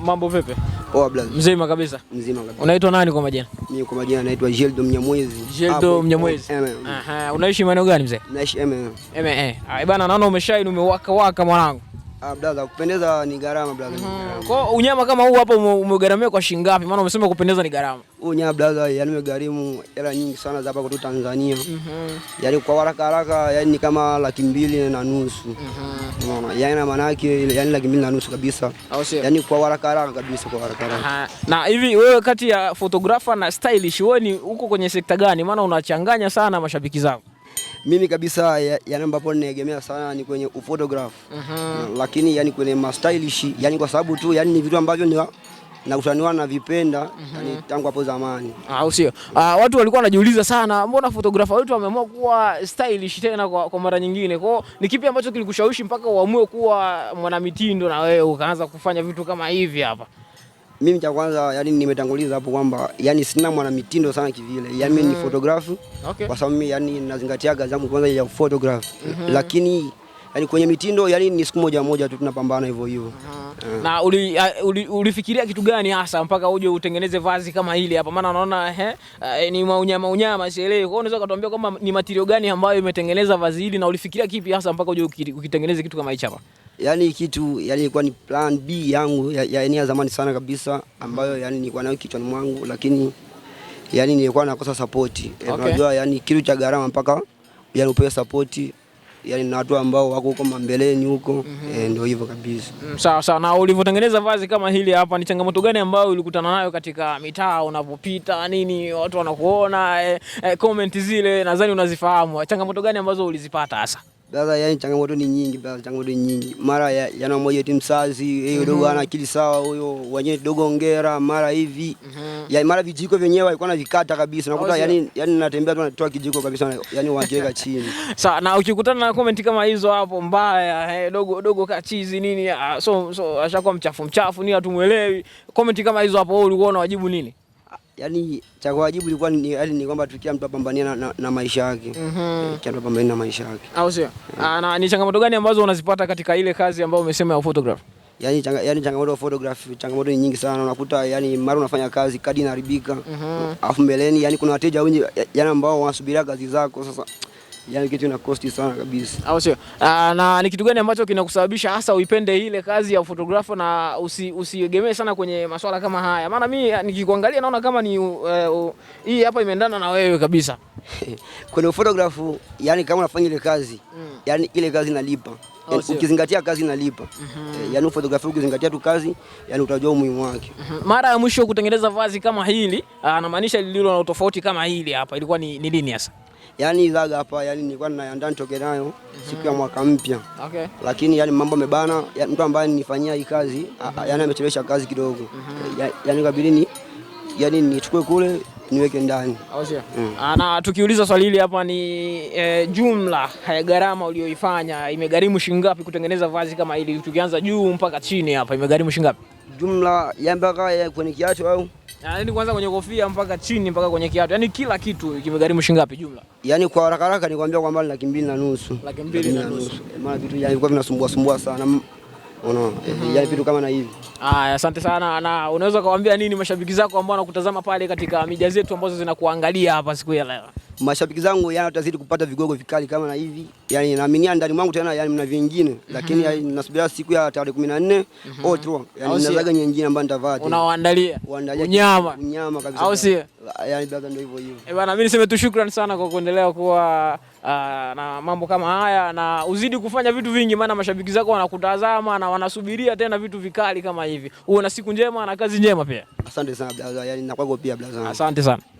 mambo vipi? Poa brother. Mzima kabisa. Mzima kabisa. Unaitwa nani kwa majina? Mimi kwa majina naitwa Jeldo Mnyamwezi. Jeldo Mnyamwezi. Aha, unaishi maeneo gani mzee? Naishi Eme. Eme eh. Ah, bana naona umeshaini umewaka waka mwanangu. Ah, brother kupendeza ni gharama brother. Mm-hmm. Kwa unyama kama huu hapo umegharamia kwa shilingi ngapi? Maana umesema kupendeza ni gharama. Huu nyama brother, yani umegharimu hela nyingi sana za hapa kwetu Tanzania. Mhm. Yaani kwa haraka haraka yani ni kama laki mbili na nusu. Mhm. Unaona? Yaani maana yake yani laki mbili na nusu kabisa. Yaani kwa haraka haraka kabisa kwa haraka haraka. Na hivi wewe kati ya photographer na stylish wewe ni uko kwenye sekta gani? Maana unachanganya sana mashabiki zako mimi kabisa ya, ya ambapo ninaegemea sana ni kwenye photograph. Uh -huh. Lakini yani kwenye ma yani kwa sababu tu yani ni vitu ambavyo ni nakutaniwa na vipenda uh -huh. yani tangu hapo zamani. Ah, au sio? Ah, watu walikuwa wanajiuliza sana mbona fotografa wetu wameamua kuwa stylish tena kwa, kwa mara nyingine. Kwa ni kipi ambacho kilikushawishi mpaka uamue kuwa mwanamitindo na wewe ukaanza kufanya vitu kama hivi hapa? mimi cha kwanza yani nimetanguliza hapo kwamba yani sina mwana mitindo sana kivile. Yani mimi mm -hmm. ni mm-hmm. photographer okay. Kwa sababu mimi yani nazingatia gazamu kwanza ya photographer. mm -hmm. lakini yani kwenye mitindo yani ni siku moja moja tu tunapambana hivyo hivyo. Uh, na uli, uli, ulifikiria kitu gani hasa mpaka uje utengeneze vazi kama hili hapa? Maana naona uh, ni maunyama unyama, sielewi. Kwa hiyo unaweza kutuambia kwamba ni matirio gani ambayo imetengeneza vazi hili na ulifikiria kipi hasa mpaka uje ukitengeneze kitu kama hichi hapa? Yani kitu yani ilikuwa ni plan B yangu ya, ya, ya zamani sana kabisa ambayo yani nilikuwa nayo kichwani mwangu, lakini yani nilikuwa nakosa support. Eh, okay. Unajua yani kitu cha gharama mpaka yani upewe support yani na watu ambao wako huko mambeleni huko mm -hmm. E, ndio hivyo kabisa mm, sawa sawa. Na ulivyotengeneza vazi kama hili hapa, ni changamoto gani ambayo ulikutana nayo katika mitaa unapopita nini, watu wanakuona e, e, comment zile nadhani unazifahamu. Changamoto gani ambazo ulizipata hasa? Dada, yani changamoto ni nyingi baba, changamoto ni nyingi. Mara yana moja eti msazi, yeye dogo mhm. ana akili sawa huyo, wenyewe dogo ongera, mara hivi. Mm -hmm. Mm. ya mara vijiko vyenyewe alikuwa anavikata kabisa, nakuta oh, yani, yani natembea tu natoa kijiko kabisa, yani wakiweka chini. Sawa, na ukikutana na comment kama hizo hapo mbaya, eh, dogo dogo kachizi nini, uh, so so ashakuwa mchafu mchafu ni hatumuelewi. Comment kama hizo hapo, wewe ulikuwa unawajibu nini? Yaani cha kuwajibu ilikuwa ni yaani ni kwamba tukia mtu apambania na, na, na maisha yake. Mhm. Mm, eh, kia mtu apambania na maisha yake. Au sio? Yeah. Eh. Na ni changamoto gani ambazo unazipata katika ile kazi ambayo umesema ya photographer? yani changa, yani changamoto ya photography changamoto ni nyingi sana, unakuta yani mara unafanya kazi kadi inaharibika mm -hmm. Afu mbeleni yani kuna wateja wengi yani ambao wanasubiria kazi zako sasa yani kitu ina cost sana kabisa, au sio? Ah, na ni kitu gani ambacho kinakusababisha hasa uipende ile kazi ya photographer na usiegemee usi sana kwenye masuala kama haya? Maana mimi ah, nikikuangalia naona kama ni uh, uh, hii hapa imeendana na wewe kabisa kwenye photographer, yani kama unafanya ile kazi mm. yani ile kazi inalipa Eh, oh, ukizingatia kazi nalipa mm -hmm. E, yani ufotografia ukizingatia tu kazi yani utajua umuhimu wake mm -hmm. Mara ya mwisho kutengeneza vazi kama hili ah, anamaanisha lililo na utofauti kama hili hapa ilikuwa ni lini hasa? Yani zaga hapa yani nilikuwa ninaandaa nitoke nayo mm -hmm. siku ya mwaka mpya okay. Lakini yani mambo amebana, mtu ambaye nifanyia hii kazi mm -hmm. yani amechelewesha kazi kidogo mm -hmm. yani kabidi yani nichukue kule niweke ndani mm. Ah, na tukiuliza swali hili hapa ni e, jumla ya eh, gharama uliyoifanya imegharimu shilingi ngapi kutengeneza vazi kama hili, tukianza juu mpaka chini hapa, imegharimu shilingi ngapi jumla ya mpaka eh, kwenye kiatu au ah, yaani, kwanza kwenye kofia mpaka chini mpaka kwenye kiatu, yaani kila kitu kimegharimu shilingi ngapi jumla? Yaani kwa haraka haraka nikwambia kwamba laki mbili na nusu, laki mbili na nusu, maana vitu vilikuwa vinasumbua sumbua sana unaona mhm. eh, yani vitu kama na hivi. Aya, asante sana. Na unaweza kuambia nini mashabiki zako ambao wanakutazama pale katika mija zetu ambazo zinakuangalia hapa siku ya leo? mashabiki zangu yani watazidi kupata vigogo vikali kama na hivi. Yani naaminia ndani mwangu tena yani mna vingine mm -hmm. Lakini nasubiria siku ya tarehe 14 mhm. au tu yani nazaga nyingine ambayo nitavaa. Unawaandalia unyama unyama kabisa. Au si? Yani brother ndio hivyo hivyo. Eh, bwana mimi niseme tu shukrani sana kwa kuendelea kuwa uh, na mambo kama haya na uzidi kufanya vitu vingi, maana mashabiki zako wanakutazama na wanasubiria tena vitu vikali kama hivi. Uwe na siku njema na kazi njema pia. Asante sana brother. Yani nakwako pia brother. Asante sana.